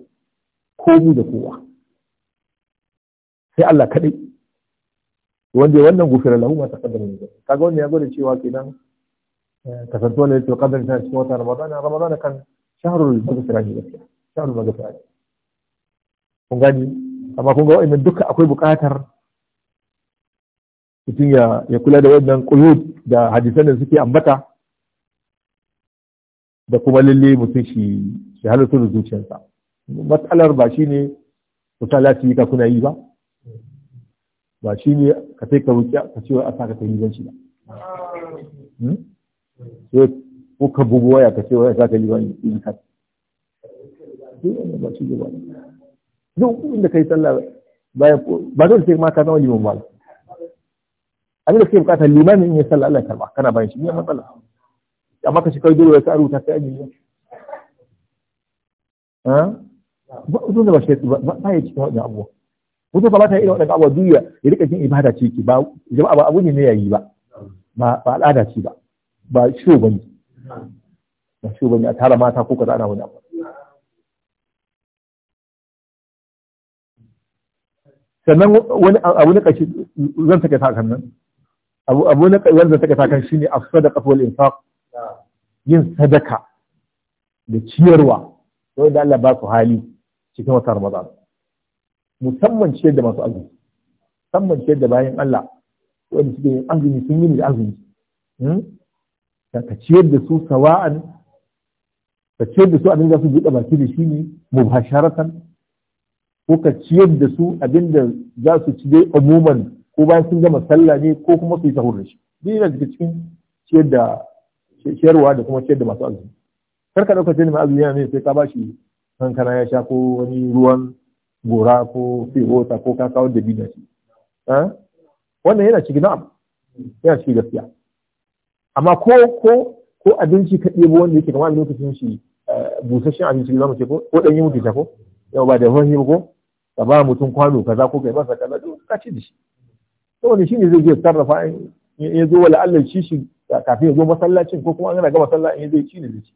komai da kowa sai Allah kadai wanda ya wannan gufira lahu ma taqaddama min dhanbi kaga wannan ya gode cewa kenan eh, kasantuwa ne to kadar ta cikin wata ramadana ramadana kan shahrul maghfira ne gaskiya shahrul maghfira ne kun gani amma kun ga wa'annan duka akwai buƙatar mutum ya kula da wannan quyud da hadisan da suke ambata da kuma lalle mutum shi shi halittar zuciyarsa matsalar ba shine ku ta ka kuna yi ba ba shi ne ka sai ka wuce ka ce a sa ka ta libanci ba hmm? ko ka bugu waya ka ce waya sa ka libanci in ka ba shi ne ba duk inda kai sallah baya ba zai sai ma ka zama liman ba abin da suke bukatar limamin ya sallah Allah karba kana bayan shi ne matsala amma ka shi kai dole sai a rubuta sai a yi ba ba shi ba ya cikin wajen abubuwa mutum ba ta yi irin waɗanda abubuwa duya ya rika jin ibada ce ki ba jama'a ba abu ne na yayi ba ba al'ada ce ba ba ba ne ba ba ne a tara mata ko kaza ana wani abu sannan wani abu na ƙashi zan take ta kan nan abu na ƙashi zan take ta kan shine as-sadaqa wal infaq yin sadaka da ciyarwa wanda Allah ba su hali cikin wata Ramadan musamman ciyar da masu azumi musamman ciyar da bayan Allah wanda suke yin azumi sun yi da azumi hmm? ka ciyar da su sawa'an ka ciyar da su abin da su buɗe baki da shi ne mubasharatan ko ka ciyar da su abin da za su ci dai umuman ko bayan sun gama sallah ne ko kuma su yi sahur da shi duk yana daga cikin ciyar da ciyarwa da kuma ciyar da masu azumi kar ka ɗauka sai ma azumi yana ne sai ka ba shi kankana ya sha ko wani ruwan gora ko firota ko ka kawo da shi. wannan yana ciki na'am yana ciki gaskiya amma ko ko ko abinci ka ɗebo wanda yake kamar lokacin shi eh, busasshen abinci za zamu ce ko ko ɗanyi mutu ta ko yau ba da wani ko ka ba mutum kwano kaza ko kai masa kaza duk ka ci da shi to wani shine zai je sarrafa in ya zo wala Allah shi shi kafin ya zo masallacin ko kuma an gama sallah in ya zo ci ne zai ci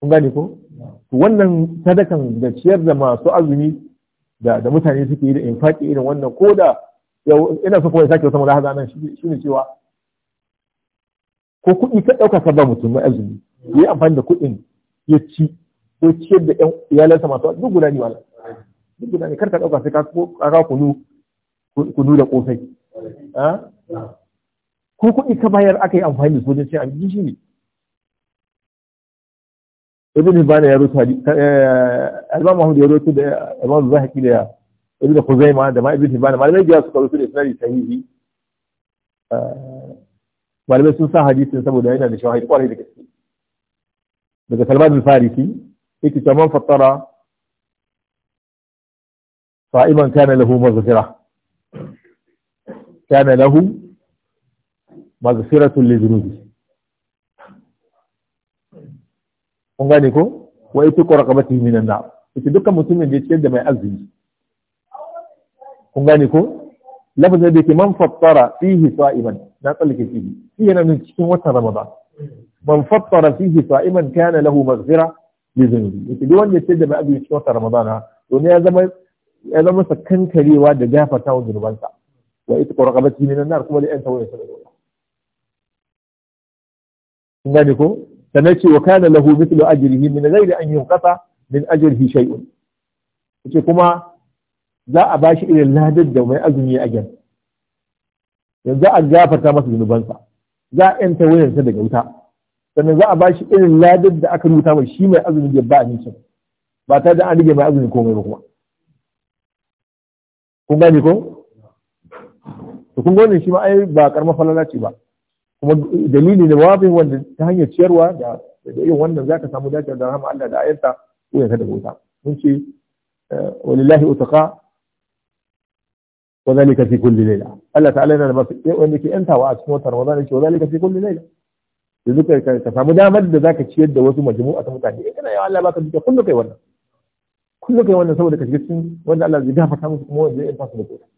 kun gane ko wannan sadakan da ciyar da masu azumi da mutane suke yi da infaki irin wannan ko da ina so kawai sake mulaha da haza nan shi ne cewa ko kuɗi ka ɗauka ka ba mutum mai azumi ya yi amfani da kuɗin ya ci ko ciyar da ƴan iyalansa masu duk guda ne wala duk guda ne kar ka ɗauka sai ka kawo kunu kunu da ƙosai. Ah? ko kuɗi ka bayar aka yi amfani da su wajen cin abinci shi ne ibn hibban ya rutu al-imam mahmud ya rutu da imam zahiki da ibn khuzaima da ma ibn hibban malamai da suka rutu da isnadi sahihi malamai sun sa hadisin saboda yana da shawahid kwarai da gaske daga salman al-farisi yake cewa man fattara صائما كان له مغفرة كان له مغفرة لذنوبه kun gane ko wa ita ko raqabati minan na ita dukkan mutumin da yake da mai azumi kun gane ko lafazin da yake man fattara fihi sa'iman na tsallake fihi shi yana nan cikin watan ramadan man fattara fihi sa'iman kana lahu maghfira li dhunubi ita duk wanda yake da mai azumi cikin watan ramadana domin ya zama ya zama masa kankarewa da gafarta wa zunubansa wa ita ko raqabati minan na kuma da yan tawaye sallallahu kun gane ko sannan ce wa kana lahu mithlu ajrihi min ghairi an yunqata min ajrihi shay'un yace kuma za a bashi irin ladar da mai azumi a gan yanzu a gafarta masa zunubansa za a yanta wayarsa daga wuta sannan za a bashi irin ladar da aka rubuta mai shi mai azumi ya ba abincin ba ta da an rige mai azumi komai ba kuma kun gane ko to kun gane shi ma ai ba karamar falala ce ba kuma dalili ne wafi wanda ta hanyar ciyarwa da da irin wannan zaka samu dace da rahama Allah da ayarta ko ya kada wuta. mun ce eh, walillahi utaqa wa zalika fi kulli layla Allah ta'ala yana da masu wanda ke yantawa a cikin watan Ramadan yake wa zalika fi kulli layla da duka ka samu damar da zaka ciyar da wasu majmu'a ta mutane in eh, kana yawa Allah baka duka kullu kai wannan kullu kai wannan saboda ka shiga cikin wanda Allah zai gafarta musu kuma wanda zai ta su da bauta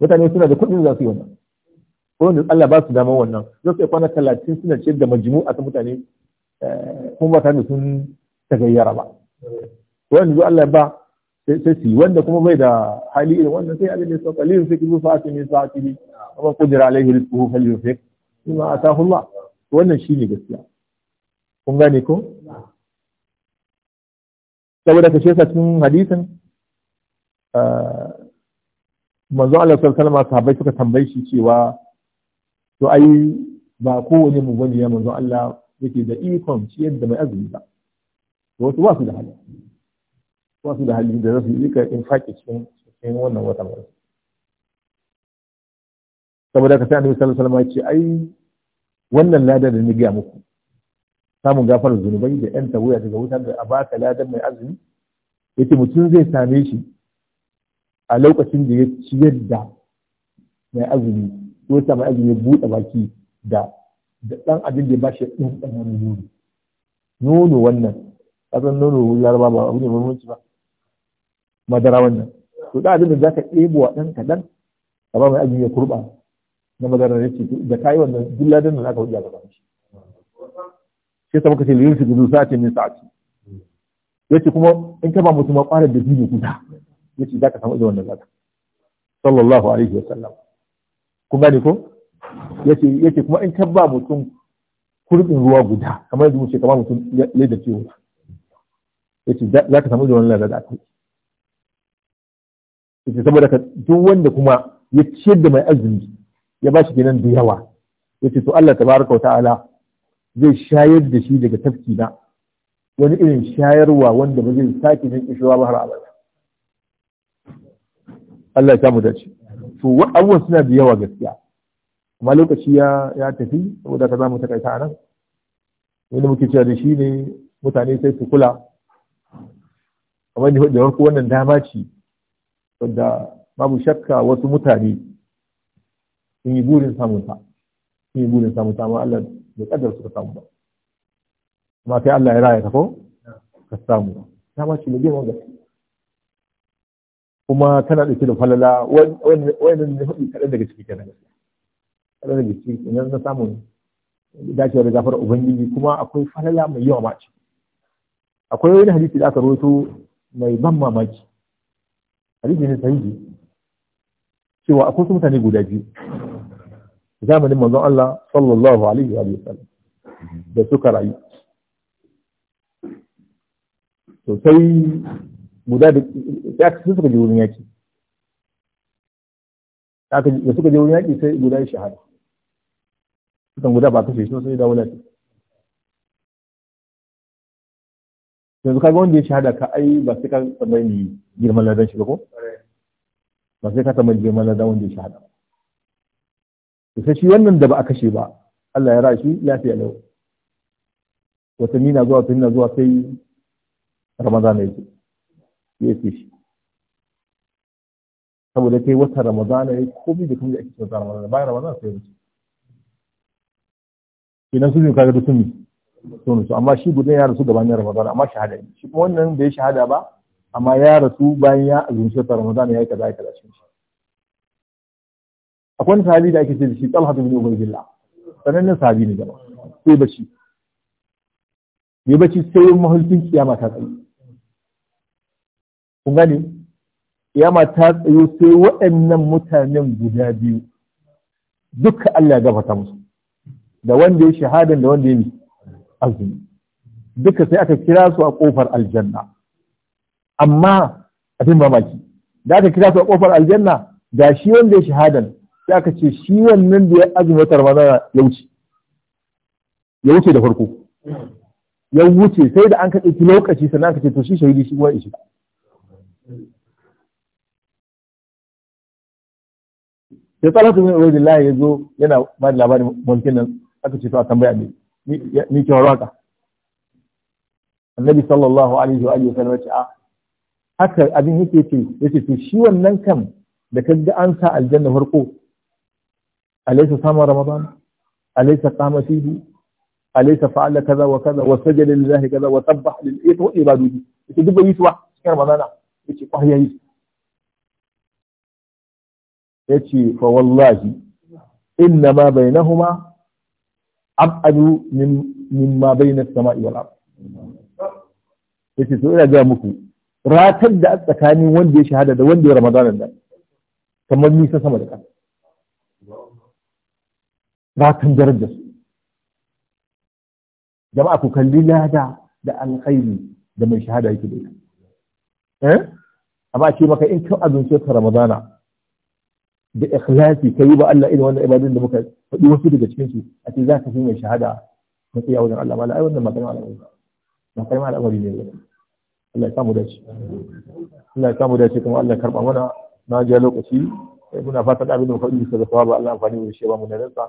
mutane suna da kuɗin za su yi wannan wani Allah ba su damar wannan zai sai kwana talatin suna ce da majimu a ta mutane eh, kuma ba tare sun tagayyara ba Wani zuwa Allah ba sai su wanda kuma bai da hali irin wannan sai abin da ya sauka lirin sai kizu sa'ati ne sa'ati bi kuma kudira alaihi rizquhu falyunfiq a ta Allah wannan ne gaskiya kun gane ko saboda ka shesa cikin hadisin eh, manzo Allah sallallahu alaihi wasallam sahabbai suka tambayi shi cewa to ai ba kowane mu bane ya manzo Allah yake da ikon ciyar da mai azumi ba to wasu ba su da hali ba su da hali da za su yi ka in faƙi cikin cikin wannan wata ba saboda ka sai annabi sallallahu alaihi wasallam ce ai wannan ladan da ni ga muku samun gafar zunubai da yan tawaya daga wutar da a baka ladan mai azumi yace mutum zai same shi a lokacin da ya ciyar da mai azumi ko ta mai azumi buɗe baki da da ɗan abin da ba shi ɗin ɗan wani nono nono wannan kasan nono laraba ba abu ne muhimmanci ba madara wannan to da abin da za ɗebo wa ɗan kaɗan ka ba mai azumi ya kurɓa na madara ne ce da ka yi wannan duk ladan nan aka hujja gaba shi sai sa muka ce lirin su gudu sa'ati min sa'ati yace kuma in ka ba mutum ma ƙwarar da biyu guda yace za ka samu irin wannan zaka sallallahu alaihi wa sallam kun gane ko yace yace kuma in tabba mutum kurbin ruwa guda kamar yadda muke kamar mutum leda Ya yace za ka samu da wannan lada Ya yace saboda ka duk wanda kuma ya ciyar da mai azumi ya ba shi kenan da yawa yace to Allah tabaraka wa ta'ala zai shayar da shi daga tafki na wani irin shayarwa wanda ba zai sake jin kishiwa ba har abada Allah ya samu dace to abubuwan suna da yawa gaskiya amma lokaci ya tafi saboda ka za mu takaita a nan wanda muke cewa da shi ne mutane sai su kula kamar da hudu ko wannan dama ce wadda babu shakka wasu mutane sun yi burin samun ta sun yi burin samun ta amma Allah da kadar su ka samu ba amma sai Allah ya raya ka ko ka samu dama ce mai girman gaske kuma tana ɗauke da falala wannan ne hudu kaɗan daga ciki kenan kaɗan daga ciki kenan na samun dacewa da gafar ubangiji kuma akwai falala mai yawa ma ce akwai wani hadisi da aka rawaito mai ban mamaki hadisi ne sahihi cewa akwai su mutane guda biyu zamanin manzon Allah sallallahu alaihi wa sallam da suka rayu sosai guda da ya su suka je wurin yaki da suka je wurin yaki sai guda shi shahada sukan guda ba kashe shi sai dawo lafiya yanzu kaga wanda ya shahada ka ai ba sai ka tambayi girman ladan shi ba ko ba sai ka tambayi girman ladan wanda ya shahada to sai shi wannan da ba a kashe ba Allah ya rashi lafiya lau watanni na zuwa watanni na zuwa sai ramadana yake ya ce shi saboda kai wata ramadana ya komi da kuma da ake kyauta ramadana bayan ramadana sai wuce idan su biyu kaga da sunni sunu su amma shi gudan ya rasu gabanin ramadana amma shahada ne shi kuma wannan bai shahada ba amma ya rasu bayan ya azumci ta ramadana ya yi kaza ya kaza shi akwai wani sahabi da ake ce da shi talha bin ubaydillah sanannen sahabi ne gaba sai bacci bai bacci sai mahaifin kiyama ta tsaye kun gani Yama ta tsayo sai waɗannan mutanen guda biyu duka Allah ya gafata musu da wanda ya shahadan da wanda ya yi azumi duka sai aka kira su a kofar aljanna amma abin mamaki da aka kira su a kofar aljanna da shi wanda ya shahadan sai aka ce shi wannan da ya azumi wata ramadana ya wuce ya wuce da farko ya wuce sai da an kaɗe lokaci sannan aka ce to shi shahidi shi uwa ya shiga sai Salatu talatu bin ubaidillahi ya zo yana ba da labarin mulkin nan aka ce to a tambaya ne ni ke haka annabi sallallahu alaihi wa alihi wasallam ce a haka abin yake ce yace to shi wannan kam da ka ga an sa aljanna farko alaysa sama ramadan alaysa qama fihi alaysa fa'ala kaza wa kaza wa sajada lillahi kaza wa sabbaha lil ibadihi yace duk bai yi tuwa cikin ramadana yace kwai yayi yace fa wallahi inna ma bainahuma abadu min ma bayna as-sama'i wal ard yace to ina ga muku ratar da tsakanin wanda ya shahada da wanda ya ramadanan da kamar nisa sama da ƙasa ratan darajar su jama'a ku kalli lada da alkhairi da mai shahada yake da ita eh amma ce maka in kin azunce ka ramadana da ikhlasi kai ba Allah irin wannan ibadun da muka faɗi wasu daga cikin su a ce za ka fi mai shahada Ko tsaya wajen Allah mala ai wannan ba kalmar al'amari ba kalmar al'amari ne Allah ya samu dace Allah ya samu dace kuma Allah ya karba mana na ji lokaci eh, muna fatan abin da muka faɗi da sawaba Allah amfani da shi ba mu da rantsa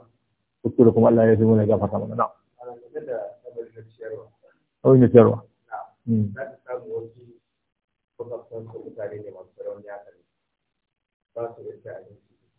kuskure kuma Allah ya zama na gafarta mana na'am kawai na ciyarwa hmm. za ka samu wasu kuma mutane ne masu rauni haka ne ba su da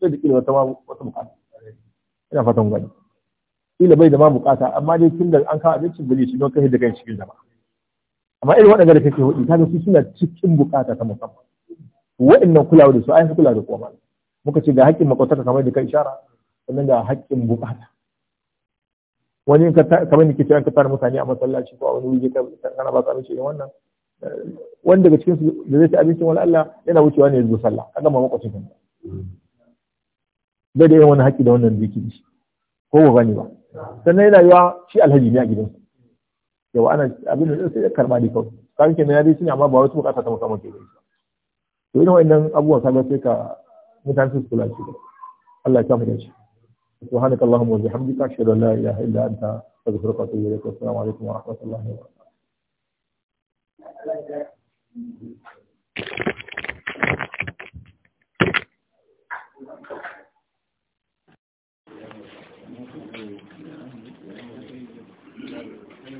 sai da kila wata ma wata bukata ina fatan gani Ƙila bai da ma bukata amma dai tun da an kawo abincin da zai shi don kai da kan cikin jama'a amma irin waɗanda da kake hudu kaga su suna cikin bukata ta musamman wa'annan kulawa da su ai kula da kowa muka ce ga haƙƙin makwataka kamar da ka ishara sannan ga haƙƙin bukata wani kamar da ke cewa ka tara mutane a masallaci ko a wani wuri ka kana ba ka abinci irin wannan eh, wanda daga cikin su da zai ci abincin wani Allah yana wucewa ne ya sallah kaga ma makwacin kan bai da yin wani haƙi da wannan shi ko ba bane ba sannan yana yiwa shi alhaji ne a gidansa yawa ana abin da sai ya karba ne kawai kaga kenan ya dace shi ne amma ba wasu bukata ta musamman ke da shi to irin wa'annan abubuwan kaga sai ka mutane su kula shi Allah ya kama da shi سبحانك اللهم وبحمدك أشهد أن لا إله إلا أنت assalamu alaikum wa rahmatullahi wa barakatuh Thank you.